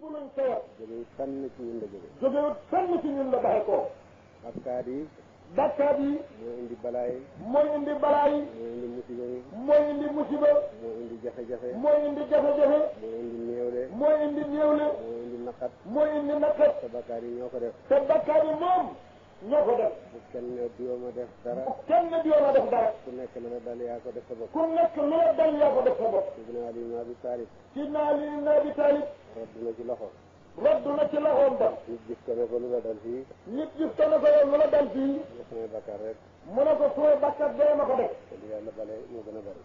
lépp luñ ko yor. jógewut fenn ci ñun la jóge. jógewut fenn ci ñun la baxe ko. bakkaat yi. bakkaat yi. mooy indi balaa yi. mooy indi balaa yi. mooy indi musiba mu mooy indi musiba. mooy indi jafe-jafe. mooy indi jafe-jafe. mooy indi néewle. mooy indi néewle. mooy indi naqat. mooy indi naqat. te bakkaat yi ñoo ko def. te bakkaat yi moom. ñoo ko def. bu kenn ne diwa ma def dara. bu kenn ne diwa ma def dara. ku nekk lu la dal yaa ko def sa bopp. ku nekk lu la dal yaa ko def sa bopp. Sidna Ali ibn Abi Talib. Sidna Ali ibn Abi Talib. rëdd na ci loxo. rëdd na ci loxoom ba. nit gis ko ne ko lu la dal fii. nit gis ko ne ko yow lu la dal fii. nga sumay bakkaar rek. mu ne ko sumay bakkaar bee ma ko def. te li yàlla bale moo gën a bari.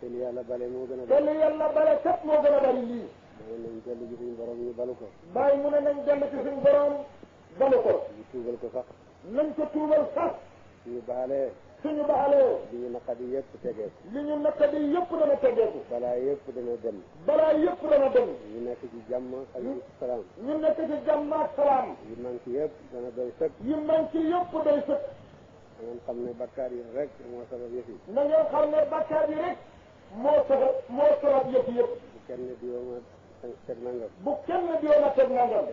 te li yàlla bale moo gën a bari. te li yàlla bale képp moo gën a bari lii. bàyyi nañ dellu ci suñu borom ñu balu ko. bàyyi mu ne nañ dellu ci suñu borom balu ko tuubal ko sax nañ ko tuubal sax suñu baalee suñu baalee li ñu naqadi yëpp tegeeku li ñu naqadi yëpp dana tegeeku balaa yëpp dana dem balaa yëpp dana dem ñu nekk ci jàmm ak salaam ñu nekk ci jàmm ak salaam yi manqué yëpp dana doy sëkk yi manqué yëpp doy sëkk na ngeen xam ne bakkaar yi rek moo sabab yëf yi na ngeen xam ne bakkaar yi rek moo sabab moo sabab yëf yëpp bu kenn di teg nangam. bu kenn diwoon a teg nangam.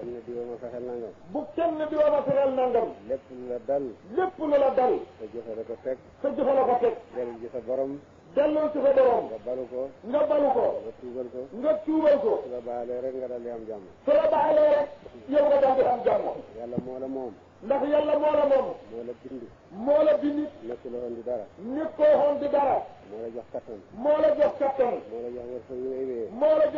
bu kenn diwoon a fexeel nangam. a fexeel nangam. lépp lu la dal. lépp lu la dal. sa jëfe la ko teg. sa jëfe la ko teg. dellu ci sa borom. delloo ci sa borom. nga balu ko. nga balu ko. nga tuubal ko. nga tuubal ko. su la baalee rek nga dal di am jàmm. su la baalee rek yow nga dal di am jàmm. yàlla moo la moom. ndax yàlla moo la moom. moo la bind. moo la bind. nekkuloo woon di dara. nekkuloo woon di dara. moo la jox kattan. moo la jox kattan. moo la jox wërsëg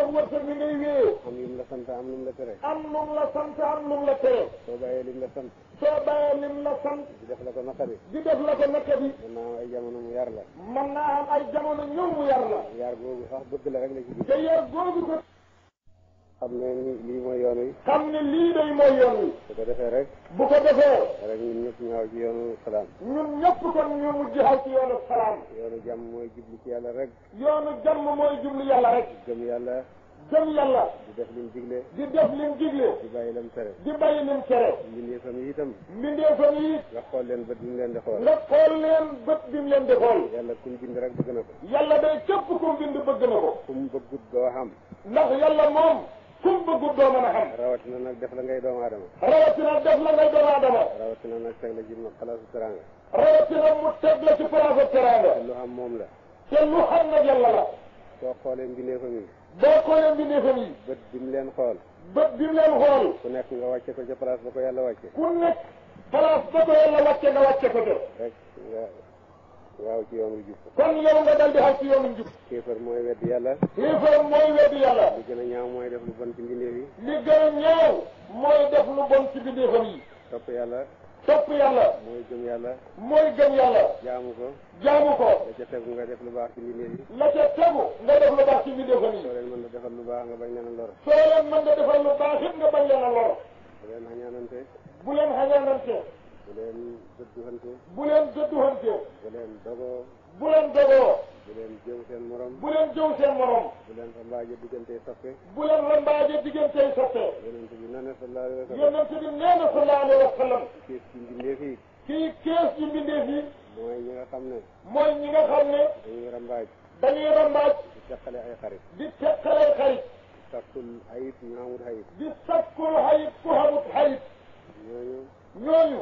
ndax wërsëg bi ngay wéyee. am lu mu la sant am lu mu la tere. am lu mu la sant am lu mu la tere. soo bàyyee lim la sant. soo bàyyee lim la sant. di def la ko naqari. di def la ko naqari. mën naa am ay jamono mu yar la. mën naa am ay jamono ñëw mu yar la. yar googu sax bëgg la rek la ci biir. te yar googu ko. xam ne lii mooy yoon wi. xam ne lii day mooy yoon wi. bu ko defee rek. bu ko defee. rek ñun ñëpp ñu aw ci yoonu salaam. ñun ñëpp kon ñu mujj aw ci yoonu salaam. yoonu jàmm mooy jublu ci yàlla rek. yoonu jàmm mooy jublu yàlla rek. gëm yàlla. gëm yàlla. di def lim digle. di def lim digle. di bàyyi lim tere. di bàyyi lim tere. mbindeefam yi itam. mbindeefam yi. nga xool leen bët bi mu leen di xool. nga xool leen bët bi mu leen di xool. yàlla kum bind rek bëgg na ko. yàlla day képp kum bind bëgg na ko. kum bëggut doo xam. ndax yàlla moom. kum bëggut doo mën a xam. rawatina nag def la ngay doomu aadama. rawatina def la ngay doomu aadama. rawatina nag teg la ci ma palaasu teraanga. rawatina mu teg la ci palaasu teraanga. te lu moom la. te lu xam nag yàlla la. soo xoolee mbindeefam yi. boo xoolee mbindeefam yi. bët bi mu leen xool. bët bi xool. ku nekk nga wàcce ko ca place ba ko yàlla wàcce. ku nekk ba ko yàlla wàcce nga wàcce ko ca. rek nga. waaw ci yoonu jub kon yow nga dal di xaw ci yoonu jub kéefar mooy weddi yàlla kéefar mooy weddi yàlla li gën a ñaaw mooy def lu bon ci mbindeef yi li a ñaaw mooy def lu bon ci mbindeefam yi topp yàlla topp yàlla mooy gëm yàlla mooy gëm yàlla jaamu ko jaamu ko la ca tegu nga def lu baax ci mbindeef yi la ca tegu nga yi soo leen mën na defal lu baax nga bañ leen a lor soo leen mën a defal lu baax nga bañ leen a lor bu leen xañaanante bu leen xañaanante bu leen gëdduhante bu leen gëdduhante bu leen dogoo bu leen dogoo bu leen jëw seen morom bu leen jëw seen morom bu leen rambaaje diggantey soppe bu leen rambaaje diggantey soppe yonent bi nee na sallallahu alayhi wa sallam yonent bi nee na sallallahu alayhi wa sallam kees ci mbindeef yi kii kees ci mbindeef yi mooy ñi nga xam ne mooy ñi nga xam ne dañuy rambaaj dañuy rambaaj di teqale ay xarit di teqale ay xarit di sakkul ayib ñu amut ayib di sakkul ayib ku amut ayib ñooñu ñooñu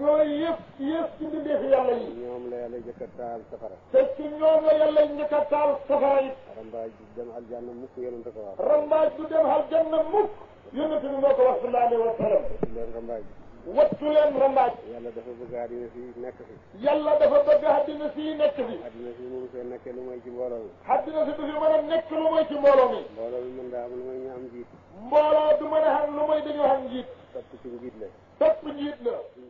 yooyu yëpp yëpp ci mbindeefi yàlla yi. ñoom la yàlla njëkk a taal safara. te ci ñoom la yàlla njëkk a taal safara yi. rambaaj du dem aljanna mukk yonent ko wax. rambaaj du dem aljanna mukk yonent bi moo ko wax sallallahu alayhi wa sallam. wattu leen rambaaj. wattu leen rambaaj. yàlla dafa bëgg àddina fii nekk fi. yàlla dafa bëgg àddina fii nekk fi. àddina fii mënu fee nekk lu mooy ci mbooloo mi. àddina fi du fi mën a nekk lu mooy ci mbooloo mi. mbooloo mi mën daa am lu mooy ñu am njiit. mbooloo du mën a am lu mooy dañu am njiit. topp ci njiit la. topp njiit la.